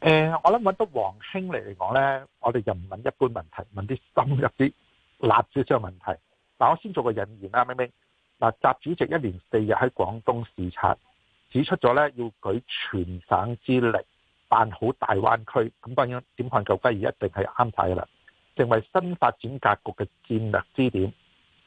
誒、呃，我諗搵到王興，嚟嚟講呢，我哋就唔問一般問題，問啲深入啲、辣少少問題。嗱，我先做個引言啦，明咩。嗱，習主席一連四日喺廣東視察，指出咗呢要舉全省之力辦好大灣區。咁當然點看舊雞，而一定係啱晒噶啦，成為新發展格局嘅戰略支點。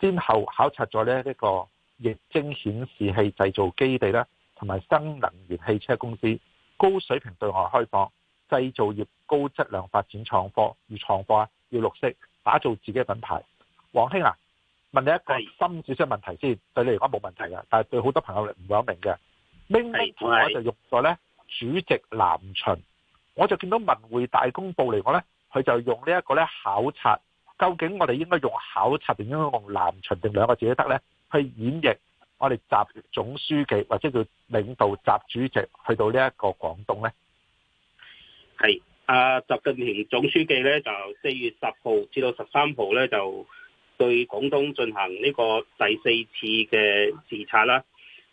先後考察咗呢一個液晶顯示器製造基地啦，同埋新能源汽車公司，高水平對外開放。製造業高質量發展創科，而創科啊要綠色，打造自己嘅品牌。王兄啊，問你一個深少少問題先，是對你嚟講冇問題啊，但係對好多朋友唔會好明嘅，明呢，我就用咗呢主席南巡，我就見到文匯大公報嚟講呢，佢就用呢一個咧考察，究竟我哋應該用考察定應該用南巡定兩個字都得呢？去演繹我哋習總書記或者叫領導習主席去到呢一個廣東呢？係阿習近平總書記咧，就四月十號至到十三號咧，就對廣東進行呢個第四次嘅視察啦。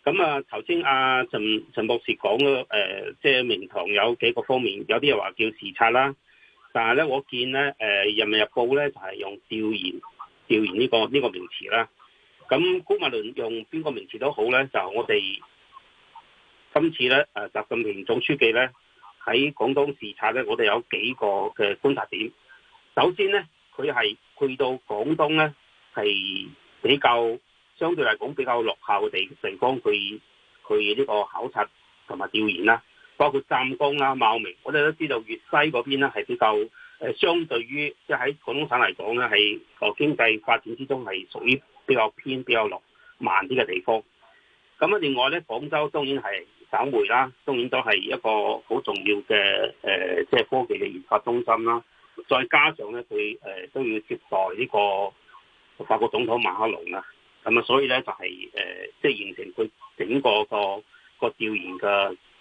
咁啊，頭先阿陳陳博士講嘅誒，即係名堂有幾個方面，有啲又話叫視察啦。但係咧，我見咧誒，呃《人民日報呢》咧就係、是、用調研調研呢個呢、這個名詞啦。咁無論用邊個名詞都好咧，就我哋今次咧，誒、啊，習近平總書記咧。喺廣東視察咧，我哋有幾個嘅觀察點。首先咧，佢係去到廣東咧，係比較相對嚟講比較落後嘅地地方去去呢個考察同埋調研啦。包括湛江啦、茂名、我哋都知道粵西嗰邊咧係比較誒相對於即係喺廣東省嚟講咧係個經濟發展之中係屬於比較偏比較落慢啲嘅地方。咁啊，另外咧，廣州當然係。省會啦，當然都係一個好重要嘅誒，即、呃、係、就是、科技嘅研發中心啦、啊。再加上咧，佢誒、呃、都要接待呢、這個法國總統馬克龍啊。咁啊，所以咧就係、是、誒，即、呃、係、就是、形成佢整個個個調研嘅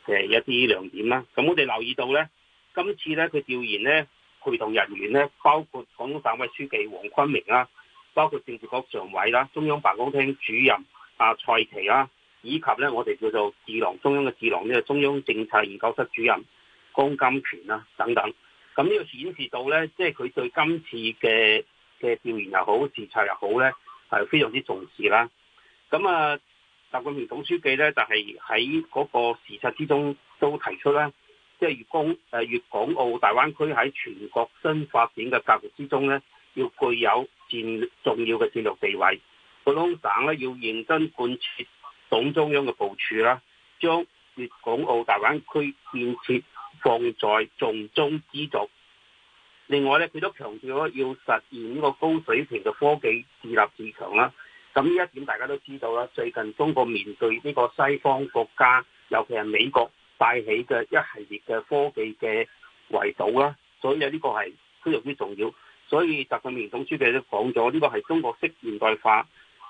嘅、呃、一啲亮點啦、啊。咁我哋留意到咧，今次咧佢調研咧，陪同人員咧，包括廣東省委書記黃坤明啦、啊，包括政治局常委啦、啊，中央辦公廳主任阿、啊、蔡奇啦、啊。以及咧，我哋叫做智囊中央嘅智囊，呢個中央政策研究室主任江金權啦，等等。咁呢個顯示到咧，即係佢對今次嘅嘅調研又好，視察又好咧，係非常之重視啦。咁啊，習近平總書記咧，就係喺嗰個視察之中都提出啦，即係粵江誒粵港澳大灣區喺全國新發展嘅格局之中咧，要具有戰重要嘅戰略地位。廣東省咧要認真貫徹。黨中央嘅部署啦，將粵港澳大灣區建設放在重中之重。另外咧，佢都強調咗要實現呢個高水平嘅科技自立自強啦。咁呢一點大家都知道啦。最近中國面對呢個西方國家，尤其係美國帶起嘅一系列嘅科技嘅圍堵啦，所以啊，呢個係非常之重要。所以習近平總書記都講咗，呢個係中國式現代化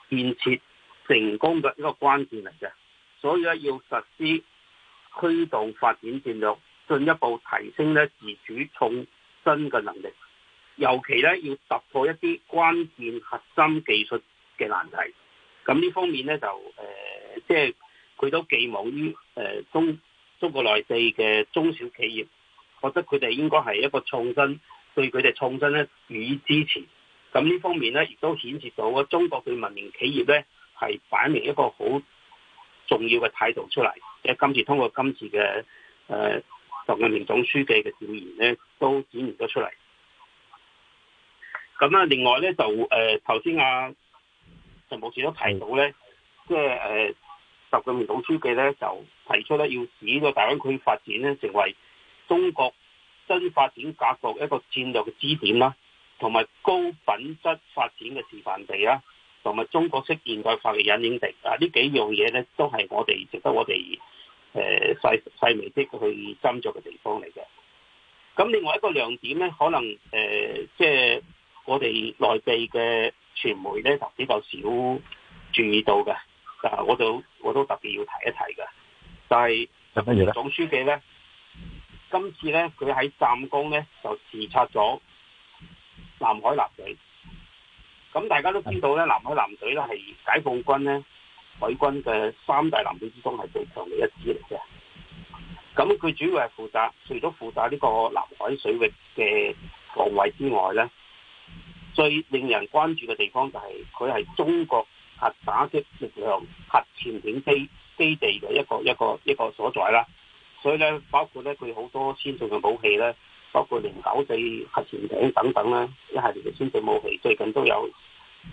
建設成功嘅一個關鍵嚟嘅，所以咧要實施驅動發展戰略，進一步提升咧自主創新嘅能力，尤其咧要突破一啲關鍵核心技術嘅難題。咁呢方面咧就誒，即係佢都寄望於誒中中國內地嘅中小企業，覺得佢哋應該係一個創新，對佢哋創新咧予以支持。咁呢方面咧亦都顯示到中國對民營企業咧。係擺明一個好重要嘅態度出嚟，即係今次通過今次嘅誒、呃、習近平總書記嘅調研咧，都展現咗出嚟。咁啊，另外咧就誒頭先啊陳茂志都提到咧，即係誒習近平總書記咧就提出咧，要使個大灣區發展咧成為中國新發展格局一個戰略嘅支點啦、啊，同埋高品質發展嘅示範地啦、啊。同埋中國式現代化嘅引領力啊！呢幾樣嘢咧，都係我哋值得我哋、呃、細細微啲去斟酌嘅地方嚟嘅。咁另外一個亮點咧，可能即係、呃就係、我哋內地嘅傳媒咧就比較少注意到嘅，啊，我就我都特別要提一提嘅。就係，誒，總書記咧，今次咧佢喺湛江咧就視察咗南海立水。咁大家都知道咧，南海艦隊咧係解放軍咧海軍嘅三大艦隊之中係最強嘅一支嚟嘅。咁佢主要係負責，除咗負責呢個南海水域嘅防衛之外咧，最令人關注嘅地方就係佢係中國核打擊力量核潛艇基基地嘅一個一個一個所在啦。所以咧，包括咧佢好多先進嘅武器咧。包括零九四核潛艇等等啦，一系列嘅先進武器最近都有，誒、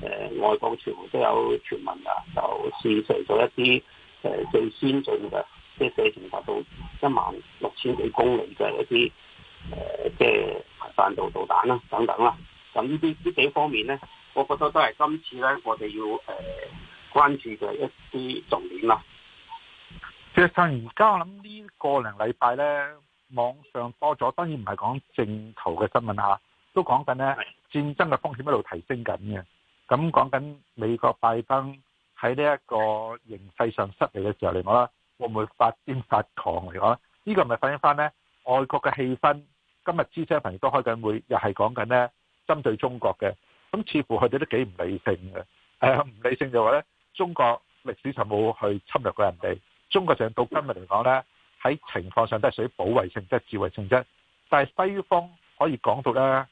呃、外國傳媒都有傳聞啊，就試射咗一啲誒、呃、最先進嘅，即射程達到一萬六千幾公里嘅一啲誒、呃、即彈道導彈啦，等等啦。咁呢啲呢幾方面咧，我覺得都係今次咧我哋要誒、呃、關注嘅一啲重點啦。即趁而家我諗呢個零禮拜咧。網上多咗，當然唔係講正途嘅新聞吓，都講緊呢戰爭嘅風險一路提升緊嘅。咁講緊美國拜登喺呢一個形勢上失利嘅時候嚟講啦，會唔會發癲發狂嚟講咧？我呢、這個咪反映翻呢外國嘅氣氛。今日 G7 朋友都開緊會，又係講緊呢針對中國嘅。咁似乎佢哋都幾唔理性嘅。誒，唔理性就話呢中國歷史上冇去侵略過人哋。中國就到今日嚟講呢。喺情況上都係屬於保衛性，即係自衛性質，但係西方可以講到咧，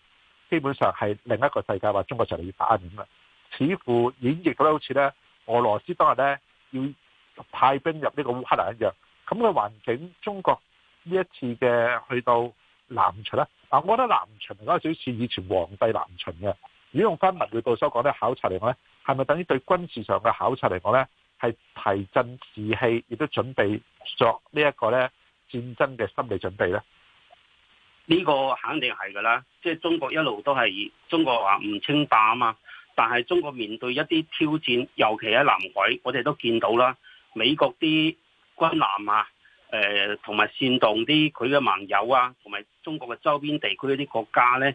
基本上係另一個世界話中國就嚟要打咁啦，似乎演繹到咧好似咧俄羅斯當日咧要派兵入呢個烏克蘭一樣，咁嘅環境，中國呢一次嘅去到南巡咧，嗱，我覺得南巡嗰陣時好似以前皇帝南巡嘅，如果用返文句到所講咧，考察嚟講咧，係咪等於對軍事上嘅考察嚟講咧？係提振士氣，亦都準備作呢一個咧戰爭嘅心理準備咧。呢個肯定係噶啦，即係中國一路都係中國話唔稱霸啊嘛。但係中國面對一啲挑戰，尤其喺南海，我哋都見到啦，美國啲軍艦啊，誒同埋煽動啲佢嘅盟友啊，同埋中國嘅周邊地區一啲國家咧，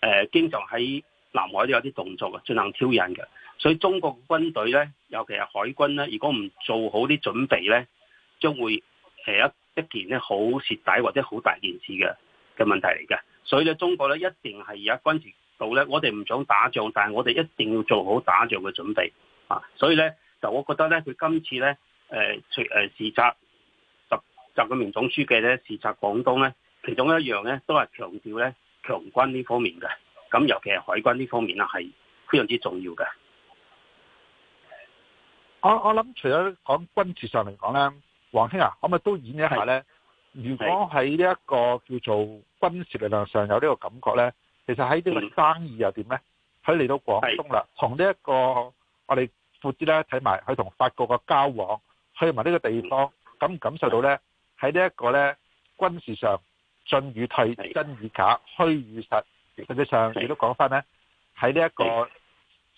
誒經常喺南海都有啲動作嘅，進行挑釁嘅。所以，中國嘅軍隊咧，尤其係海軍咧，如果唔做好啲準備咧，將會係一一件咧好蝕底或者好大件事嘅嘅問題嚟嘅。所以咧，中國咧一定係而家軍事度咧，我哋唔想打仗，但係我哋一定要做好打仗嘅準備啊。所以咧，就我覺得咧，佢今次咧，誒除誒視察習習近平總書記咧視察廣東咧，其中一樣咧都係強調咧強軍呢方面嘅。咁尤其係海軍呢方面啊，係非常之重要嘅。我我諗，除咗講軍事上嚟講咧，王兄啊，可唔可以都演一下咧？是如果喺呢一個叫做軍事力量上有呢個感覺咧，其實喺呢個生意又點咧？佢嚟是到廣東啦，同呢一個我哋闊啲咧睇埋佢同法國嘅交往，去埋呢個地方感唔是感受到咧，喺呢一個咧軍事上進與退、真與假、虛與實，實際上亦都講翻咧喺呢一個。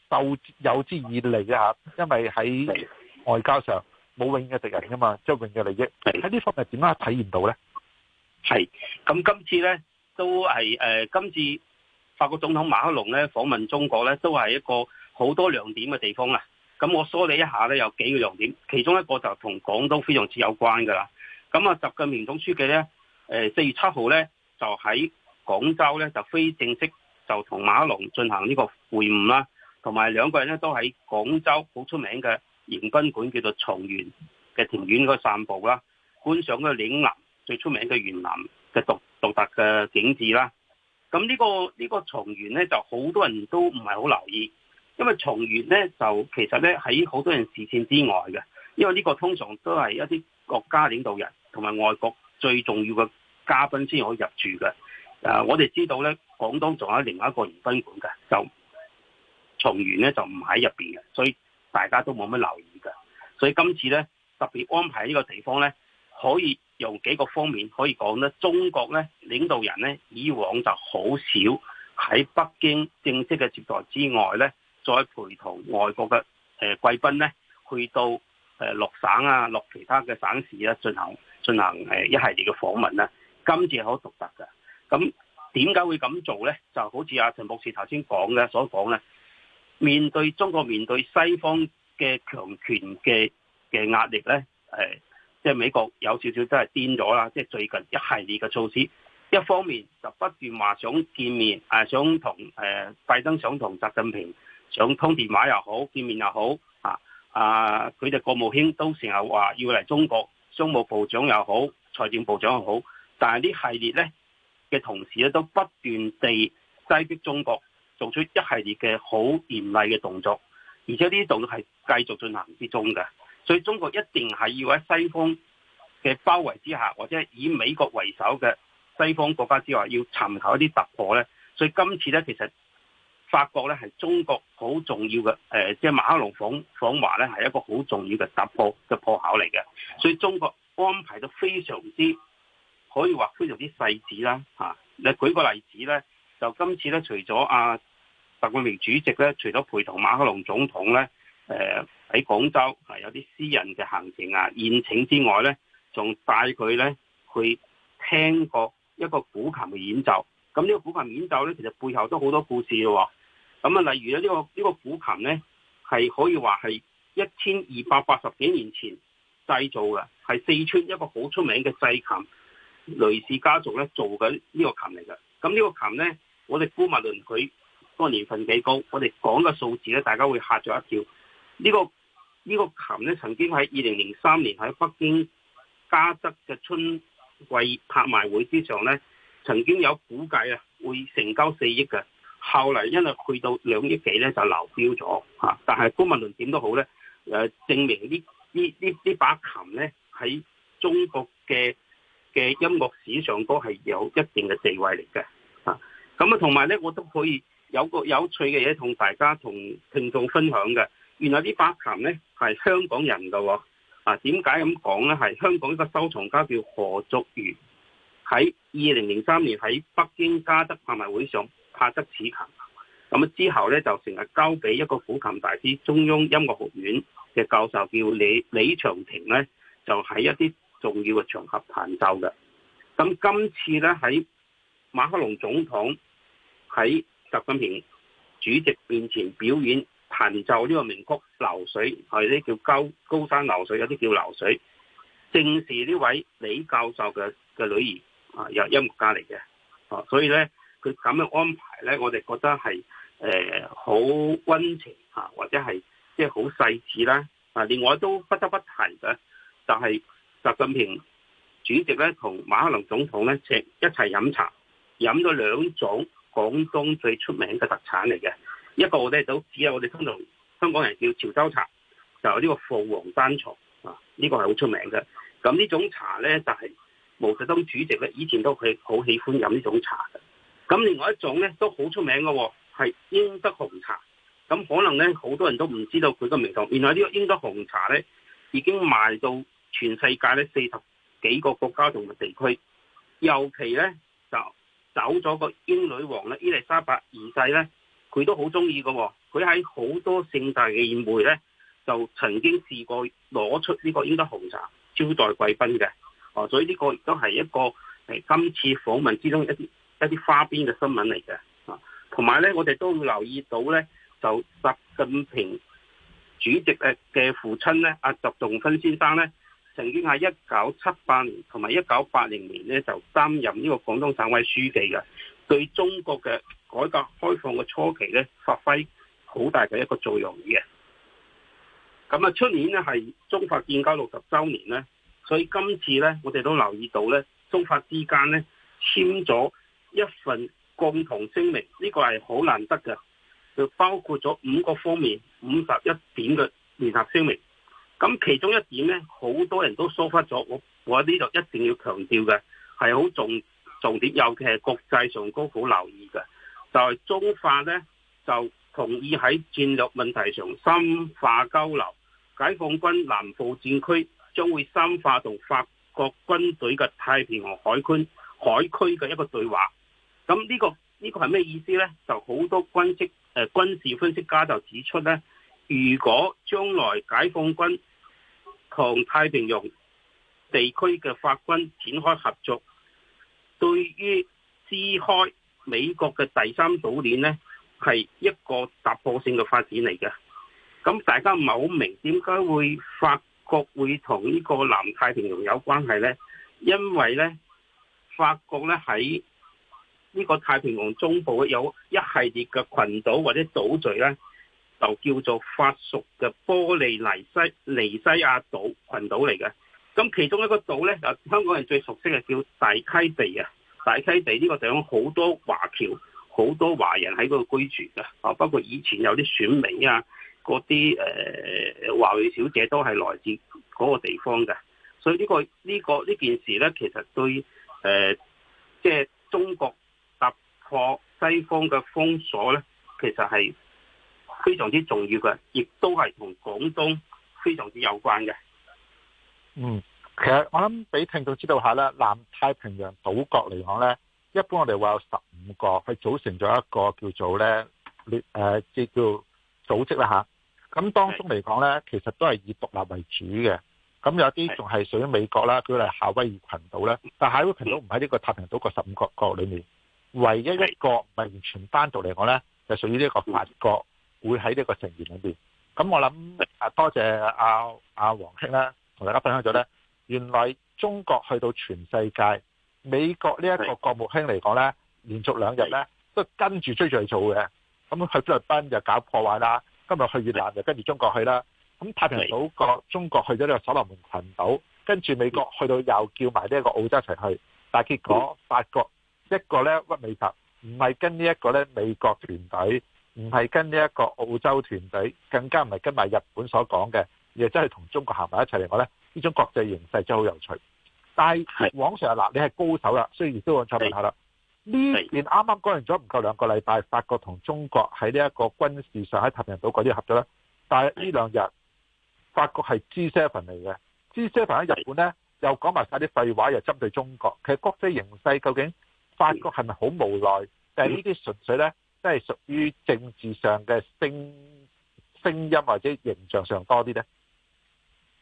鬥有之以利嘅吓，因為喺外交上冇永遠嘅敵人噶嘛，即係永嘅利益喺呢方面點樣體現到咧？係咁，今次咧都係誒、呃，今次法國總統馬克龍咧訪問中國咧，都係一個好多亮點嘅地方喇！咁我梳理一下咧，有幾個亮點，其中一個就同廣東非常之有關噶啦。咁啊，習近平總書記咧誒四月七號咧就喺廣州咧就非正式就同馬克龍進行呢個會晤啦。同埋兩個人咧都喺廣州好出名嘅迎賓館叫做松園嘅庭院嗰度散步啦，觀賞嗰個嶺南最出名嘅園林嘅獨獨特嘅景緻啦。咁、這個這個、呢個呢個松園咧就好多人都唔係好留意，因為松園咧就其實咧喺好多人視線之外嘅，因為呢個通常都係一啲國家領導人同埋外國最重要嘅嘉賓先可以入住嘅、啊。我哋知道咧廣東仲有另外一個迎賓館嘅就。從原咧就唔喺入面嘅，所以大家都冇乜留意噶。所以今次咧特別安排呢個地方咧，可以用幾個方面可以講咧。中國咧領導人咧以往就好少喺北京正式嘅接待之外咧，再陪同外國嘅貴賓呢咧去到誒六省啊，六其他嘅省市呢進行進行誒一系列嘅訪問啦。今次係好獨特嘅。咁點解會咁做咧？就好似阿陳博士頭先講嘅所講咧。面對中國面對西方嘅強權嘅嘅壓力呢，呃、即係美國有少少真係癲咗啦！即係最近一系列嘅措施，一方面就不斷話想見面，呃、想同、呃、拜登想同習近平想通電話又好，見面又好，嚇啊！啊、佢哋國務卿都成日話要嚟中國，商務部長又好，財政部長又好，但係呢系列呢嘅同時咧，都不斷地擠逼中國。做出一系列嘅好嚴厲嘅動作，而且呢啲動作係繼續進行之中嘅，所以中國一定係要喺西方嘅包圍之下，或者係以美國為首嘅西方國家之外，要尋求一啲突破咧。所以今次咧，其實法國咧係中國好重要嘅，誒，即係馬克龍訪訪華咧係一個好重要嘅突破嘅破口嚟嘅。所以中國安排得非常之可以話非常之細緻啦，吓。你舉個例子咧，就今次咧，除咗啊習近平主席咧，除咗陪同馬克龍總統咧，誒喺廣州啊，有啲私人嘅行程啊、宴請之外咧，仲帶佢咧去聽過一個古琴嘅演奏。咁呢個古琴演奏咧，其實背後都好多故事嘅，哦。咁啊，例如咧，呢個、呢個呢、呢個古琴咧，係可以話係一千二百八十幾年前製造嘅，係四川一個好出名嘅製琴雷氏家族咧做緊呢個琴嚟嘅。咁呢個琴咧，我哋姑勿論佢。個年份幾高，我哋講嘅數字咧，大家會嚇咗一跳。呢個呢個琴咧，曾經喺二零零三年喺北京嘉德嘅春季拍賣會之上咧，曾經有估計啊，會成交四億嘅。後嚟因為去到兩億幾咧，就流標咗嚇。但係高文論點都好咧，誒證明呢呢呢呢把琴咧喺中國嘅嘅音樂史上都係有一定嘅地位嚟嘅嚇。咁啊，同埋咧，我都可以。有個有趣嘅嘢同大家同聽眾分享嘅，原來呢把琴呢係香港人嘅喎。啊點解咁講呢？係香港一個收藏家叫何作如，喺二零零三年喺北京嘉德拍賣會上拍得此琴，咁之後呢，就成日交俾一個古琴大師，中央音樂學院嘅教授叫李李長廷。呢就喺一啲重要嘅場合彈奏嘅。咁今次呢，喺馬克龍總統喺。習近平主席面前表演彈奏呢個名曲《流水》，係呢叫高高山流水，有啲叫流水。正是呢位李教授嘅嘅女兒啊，又音樂家嚟嘅。所以咧，佢咁樣安排咧，我哋覺得係誒好温情啊，或者係即係好細緻啦。啊，另外都不得不提嘅，就係習近平主席咧同馬克龍總統咧一齊飲茶，飲咗兩種。廣東最出名嘅特產嚟嘅。一個咧都只有我哋通常香港人叫潮州茶，就有呢個鳳凰單叢啊，呢、這個係好出名嘅。咁呢種茶呢，就係、是、毛澤東主席呢以前都佢好喜歡飲呢種茶嘅。咁另外一種呢，都好出名嘅，哦，係英德紅茶。咁可能呢，好多人都唔知道佢個名堂。原來呢個英德紅茶呢，已經賣到全世界呢四十幾個國家同埋地區，尤其呢。走咗個英女王咧，伊麗莎白二世咧，佢都好中意嘅喎，佢喺好多盛大嘅宴會咧，就曾經試過攞出呢個英德紅茶招待貴賓嘅，所以呢個亦都係一個今次訪問之中一啲一啲花邊嘅新聞嚟嘅，啊，同埋咧，我哋都會留意到咧，就習近平主席嘅父親咧，阿習仲勳先生咧。曾經喺一九七八年同埋一九八零年咧，就擔任呢個廣東省委書記嘅，對中國嘅改革開放嘅初期咧，發揮好大嘅一個作用嘅。咁啊，出年呢係中法建交六十週年咧，所以今次咧，我哋都留意到咧，中法之間咧，簽咗一份共同聲明，呢個係好難得嘅，就包括咗五個方面五十一點嘅聯合聲明。咁其中一點咧，好多人都疏忽咗。我我喺呢度一定要強調嘅，係好重重點，尤其係國際上高好留意嘅，就係中法咧就同意喺戰略問題上深化交流。解放軍南部戰區將會深化同法國軍隊嘅太平洋海軍海區嘅一個對話。咁呢個呢個係咩意思咧？就好多軍職誒軍事分析家就指出咧，如果將來解放軍同太平洋地區嘅法軍展開合作，對於撕開美國嘅第三島鏈呢，係一個突破性嘅發展嚟嘅。咁大家唔係好明點解會法國會同呢個南太平洋有關係呢？因為呢，法國呢喺呢在個太平洋中部有一系列嘅群島或者島嶼呢。就叫做法屬嘅波利尼西尼西亞島群島嚟嘅，咁其中一個島呢，就香港人最熟悉嘅叫大溪地啊！大溪地呢個地方好多華僑、好多華人喺嗰度居住嘅，啊，包括以前有啲選美啊，嗰啲誒華裔小姐都係來自嗰個地方嘅，所以呢個呢個呢件事呢，其實對誒，即係中國突破西方嘅封鎖呢，其實係，非常之重要嘅，亦都係同廣東非常之有關嘅。嗯，其實我諗俾聽眾知道下啦。南太平洋島國嚟講咧，一般我哋話有十五個，係組成咗一個叫做咧聯誒，即叫，做、呃、叫做組織啦。嚇、啊，咁當中嚟講咧，是其實都係以獨立為主嘅。咁有啲仲係屬於美國啦，佢係是夏威夷群島咧，但夏威夷群島唔喺呢個太平洋島國十五個國裏面，唯一一個唔係是完全單獨嚟講咧，就屬於呢一個法國。是嗯會喺呢個成員裏邊，咁我諗是啊，多謝阿阿黃兄啦，同大家分享咗呢。是原來中國去到全世界，美國呢一個國務卿嚟講呢，是連續兩日呢是都跟住追住去做嘅，咁去菲律賓就搞破壞啦，今日去越南就跟住中國去啦，咁太平洋島國是中國去咗呢個所羅門群島，跟住美國去到又叫埋呢一個澳洲一齊去，但結果法國一個呢屈美達唔係跟呢一個呢美國團隊。唔係跟呢一個澳洲團隊，更加唔係跟埋日本所講嘅，亦真係同中國行埋一齊嚟講咧，呢種國際形勢真係好有趣。但係王 Sir 嗱，你係高手啦，雖然都揾錯問題啦。呢邊啱啱講完咗唔夠兩個禮拜，法國同中國喺呢一個軍事上喺太平洋島嗰啲合作咧，但係呢兩日法國係 G7 嚟嘅，G7 喺日本咧的又講埋晒啲廢話，又針對中國。其實國際形勢究竟法國係咪好無奈？定係呢啲純粹咧。即係屬於政治上嘅聲聲音或者形象上多啲咧。誒、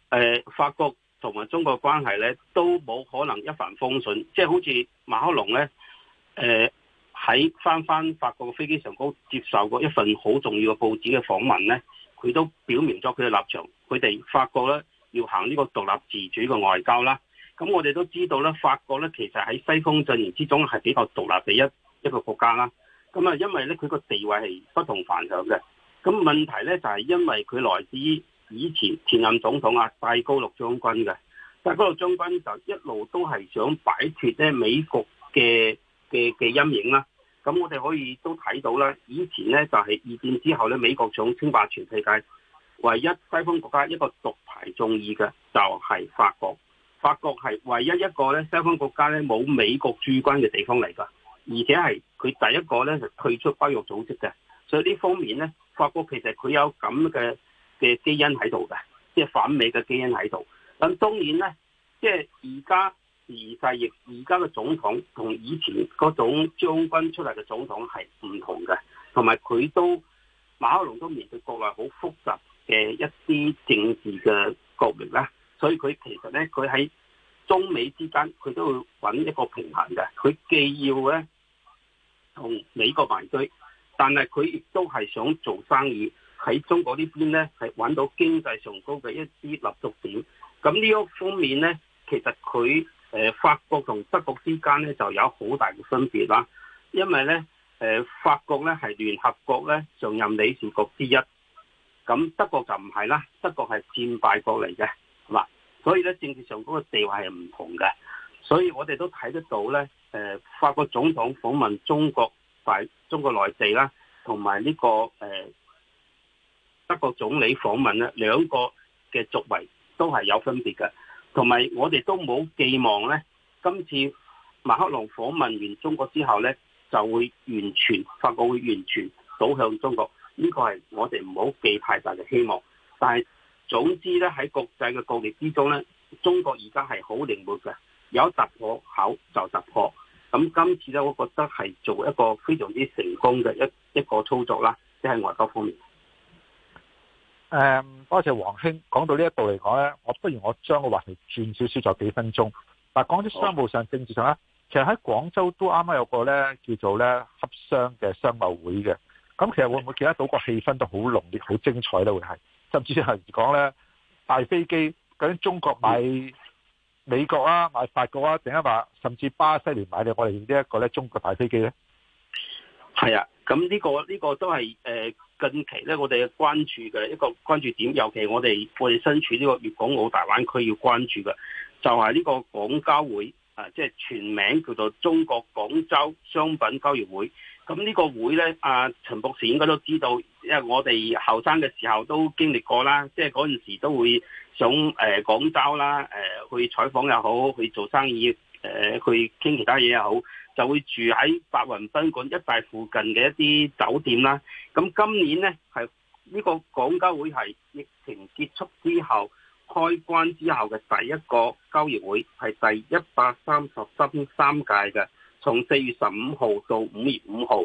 呃，法國同埋中國嘅關係咧，都冇可能一帆風順，即、就、係、是、好似馬克龍咧，誒喺翻翻法國嘅飛機上高接受過一份好重要嘅報紙嘅訪問咧，佢都表明咗佢嘅立場。佢哋法國咧要行呢個獨立自主嘅外交啦。咁我哋都知道咧，法國咧其實喺西方陣營之中係比較獨立嘅一一個國家啦。咁啊，因為咧，佢個地位係不同凡響嘅。咁問題咧就係因為佢來自以前前任總統啊戴高樂將軍嘅。戴高樂將軍就一路都係想擺脫咧美國嘅嘅嘅陰影啦。咁我哋可以都睇到啦，以前咧就係二戰之後咧，美國想稱霸全世界，唯一西方國家一個獨排眾議嘅就係法國。法國係唯一一個咧西方國家咧冇美國駐軍嘅地方嚟㗎。而且係佢第一個咧，就退出北約組織嘅，所以呢方面咧，法國其實佢有咁嘅嘅基因喺度嘅，即係反美嘅基因喺度。咁當然咧，即係而家而家亦而家嘅總統同以前嗰種將軍出嚟嘅總統係唔同嘅，同埋佢都馬克龍都面對國內好複雜嘅一啲政治嘅角力啦。所以佢其實咧，佢喺中美之間，佢都會揾一個平衡嘅。佢既要咧，同美國埋堆，但係佢亦都係想做生意喺中國呢邊呢，係揾到經濟上高嘅一啲立足點。咁呢個方面呢，其實佢、呃、法國同德國之間呢就有好大嘅分別啦。因為呢，呃、法國呢係聯合國呢上任理事國之一，咁德國就唔係啦，德國係戰敗國嚟嘅，係嘛？所以呢政治上嗰個地位係唔同嘅，所以我哋都睇得到呢。誒，法國總統訪問中國大中國內地啦，同埋呢個誒德國總理訪問咧，兩個嘅作為都係有分別嘅。同埋我哋都冇寄望咧，今次馬克龍訪問完中國之後咧，就會完全法國會完全倒向中國。呢個係我哋唔好寄太大嘅希望。但係總之咧，喺國際嘅角力之中咧，中國而家係好靈活嘅，有突破口就突破。咁今次咧，我覺得係做一個非常之成功嘅一一個操作啦，即、就、係、是、外交方面。誒、嗯，多謝王兄講到呢一步嚟講咧，我不如我將個話題轉少少，就幾分鐘。但講啲商務上、哦、政治上咧，其實喺廣州都啱啱有個咧叫做咧洽商嘅商貿會嘅。咁其實會唔會見得，得到個氣氛都好濃烈、好精彩咧？會係甚至係講咧，大飛機究竟中國買。美國啊，買法國啊，定一話甚至巴西嚟買，你我哋用呢一個咧中國大飛機咧，係啊，咁呢、呢個呢、呢個都係誒近期咧，我哋嘅關注嘅一個關注點，尤其我哋我哋身處呢個粵港澳大灣區要關注嘅，就係、係、呢個廣交會啊，即、就、係、係、全名叫做中國廣州商品交易會。咁呢個會呢，阿、啊、陳博士應該都知道，因為我哋後生嘅時候都經歷過啦，即係嗰陣時都會想誒、呃、廣州啦，誒、呃、去採訪又好，去做生意誒、呃、去傾其他嘢又好，就會住喺白雲賓館一帶附近嘅一啲酒店啦。咁今年呢，呢個廣交會係疫情結束之後開關之後嘅第一個交易會，係第一百三十三三屆嘅。從四月十五號到五月五號，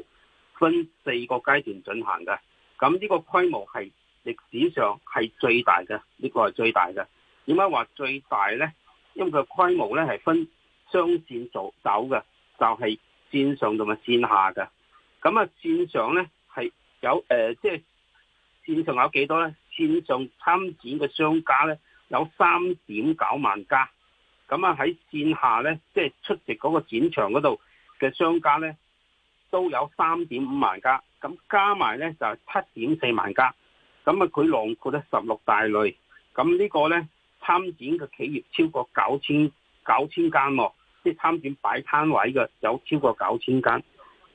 分四個階段進行嘅。咁呢個規模係歷史上係最大嘅，呢個係最大嘅。點解話最大呢？因為佢規模呢係分雙線做走嘅，就係線上同埋線下嘅。咁啊，線上呢係有誒，即係線上有幾多呢？線上參展嘅商家呢有三點九萬家。咁啊喺線下呢，即係出席嗰個展場嗰度。嘅商家咧都有三點五萬家，咁加埋咧就係七點四萬家，咁啊佢囊括咧十六大類。咁呢個咧參展嘅企業超過九千九千間，即係參展擺攤位嘅有超過九千間，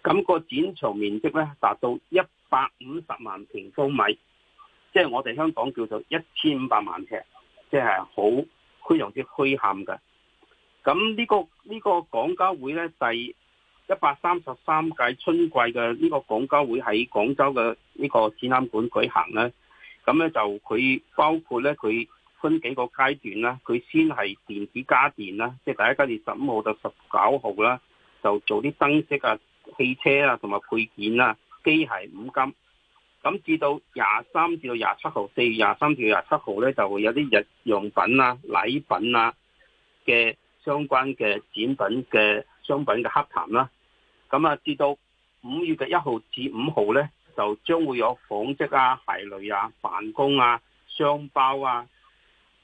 咁個展場面積咧達到一百五十萬平方米，即係我哋香港叫做一千五百萬尺，即係好非常之虛撼嘅。咁呢個呢個廣交會咧第一百三十三屆春季嘅呢個廣交會喺廣州嘅呢個展覽館舉行咧，咁咧就佢包括咧，佢分幾個階段啦，佢先係電子家電啦，即係第一階段十五號到十九號啦，就做啲燈飾啊、汽車啊同埋配件啊、機械五金。咁至到廿三至到廿七號，四月廿三至到廿七號咧，就會有啲日用品啊、禮品啊嘅相關嘅展品嘅商品嘅洽談啦。咁啊，到5至到五月嘅一號至五號咧，就將會有紡織啊、鞋類啊、辦公啊、箱包啊、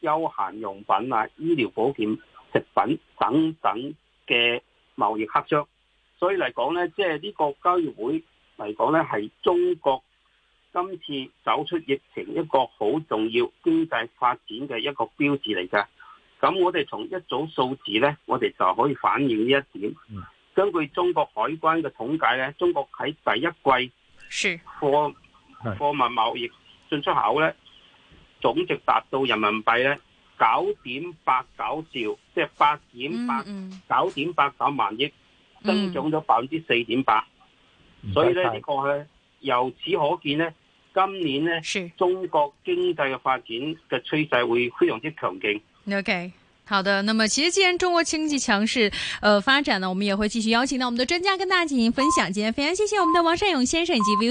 休閒用品啊、醫療保健、食品等等嘅貿易黑箱。所以嚟講咧，即係呢個交易會嚟講咧，係中國今次走出疫情一個好重要經濟發展嘅一個標誌嚟嘅。咁我哋從一組數字咧，我哋就可以反映呢一點。根據中國海關嘅統計咧，中國喺第一季貨貨物貿易進出口咧，總值達到人民幣咧九點八九兆，即係八點八九點八九萬億，增長咗百分之四點八。嗯、所以咧，呢個係，由此可見咧，今年咧，是中國經濟嘅發展嘅趨勢會非常之強勁。O K。好的，那麼其實既然中國經濟強勢，呃發展呢，我們也會繼續邀請到我們的專家跟大家進行分享。今天非常謝謝我們的王善勇先生以及 V。